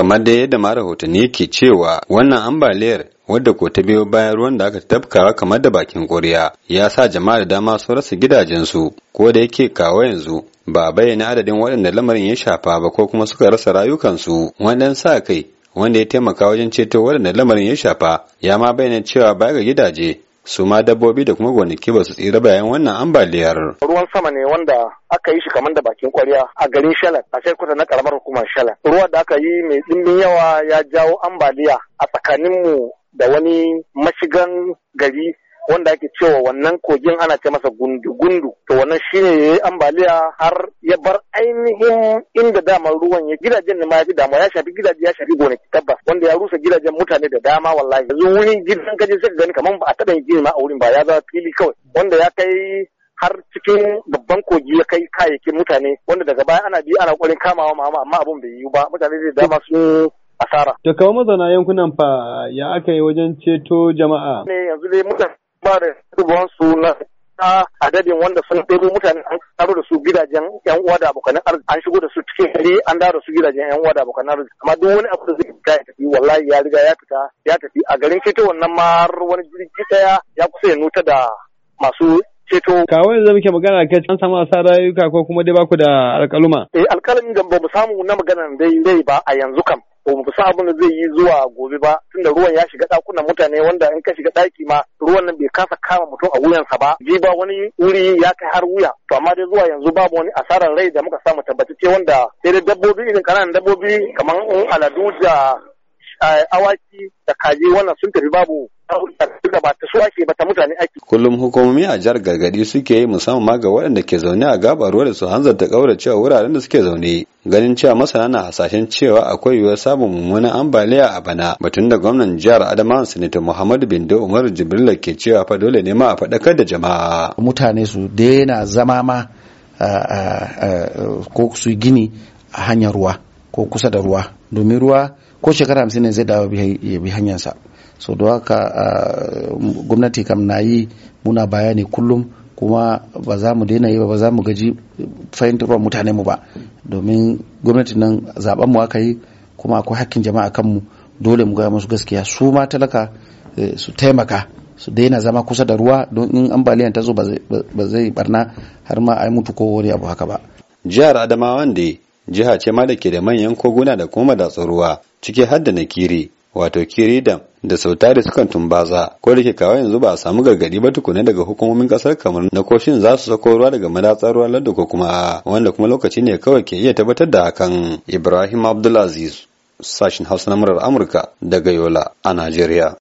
kamar da yadda ma rahotanni ke cewa wannan ambaliyar wadda ko ta biyo bayan ruwan da aka tafkawa kamar da bakin ƙuriya ya sa jama'a da dama sun rasa gidajensu ko da yake kawo yanzu ba bayyana adadin waɗanda lamarin ya shafa ba ko kuma suka rasa rayukansu wannan sa kai wanda ya taimaka wajen ceto waɗanda lamarin ya shafa ya ma bayyana cewa baya ga gidaje su ma dabbobi da kuma gonaki ba su tsira bayan wannan ambaliyar. Ruwan sama ne wanda aka yi shi kamar da bakin kwarya a garin Shalat a kusa na karamar hukumar Shalat. Ruwa da aka yi mai dimbin yawa ya jawo ambaliya a tsakaninmu da wani mashigan gari wanda ake cewa wannan kogin ana ce masa gundu-gundu to wannan shine ya yi ambaliya har ya bar ainihin inda dama ruwan ya gidajen ne ma ya fi damuwa ya shafi gidaje ya shafi gonaki tabbas wanda ya rusa gidajen mutane da dama wallahi yanzu wurin gidan kaje sai gani kamar ba a taɓa yin gini ma a wurin ba ya zama fili kawai wanda ya kai har cikin babban kogi ya kai kayayyakin mutane wanda daga baya ana bi ana ƙoƙarin kamawa mama amma abun bai yiwu ba mutane da dama sun asara. Da kawo mazauna yankunan fa ya aka yi wajen ceto jama'a. Ne yanzu dai mutane ba da su na ta adadin wanda sun ɗebo mutane an taro da su gidajen yan uwa da abokan arziki an shigo da su cikin gari an dawo da su gidajen yan uwa da abokan arziki amma duk wani abu da zai fita ya tafi wallahi ya riga ya fita ya tafi a garin ceto wannan ma wani jirgi daya ya kusa ya nuta da masu ceto. kawai zan muke magana kai an samu asar rayuka ko kuma dai baku da alkaluma. Eh alkalamin gan ba mu samu na magana dai dai ba a yanzu kam. ba mu abin da zai yi zuwa gobe ba tunda ruwan ya shiga ɗakunan mutane wanda in ka shiga ɗaki ma ruwan nan bai kasa kama mutum a wuyansa ba ji ba wani wuri ya kai har wuya to amma dai zuwa yanzu babu wani asarar rai da muka samu ce wanda sai dai dabbobi irin kananan dabbobi kamar aladu da eh, awaki da kaji wannan sun tafi babu tunda ba ta ba mutane ake. Kullum hukumomi a jihar gargadi suke yi musamman ma ga waɗanda ke zaune a gabar ruwa da su hanzarta cewa wuraren da suke zaune. Ganin cewa masana na hasashen cewa akwai yiwuwar samun mummunan ambaliya a bana batun da gwamnan jihar Adamawa Sanata Muhammadu Bindo Umar Jibrila ke cewa fa dole ne ma a faɗakar da jama'a. Mutane su daina zama ma ko su gini a hanyar ruwa. ko kusa da ruwa domin ruwa ko shekara hamsin ne zai dawo ya bi hanyarsa so da haka gwamnati kam na yi muna bayani kullum kuma ba za mu daina yi ba za mu gaji fahimtar mutane mu ba domin gwamnati nan zaben mu aka yi kuma akwai hakkin jama'a kan mu dole mu gaya masu gaskiya su ma talaka eh, su taimaka su daina zama kusa da ruwa don in ambaliyan ta zo ba zai barna har ma a yi mutu ko wani abu haka ba jihar adamawa wanda jiha ce ma da ke da manyan koguna da kuma da ruwa ciki har da nakiri wato kiri dam da sautari sukan tumbaza ko da ke kawo yanzu ba a samu gargadi ba tukuna daga hukumomin kasar kamar na koshin za su sako ruwa daga madatsar ruwa lardu ko kuma wanda kuma lokaci ne kawai ke iya tabbatar da hakan ibrahim abdulaziz sashin hausa na murar amurka daga yola a najeriya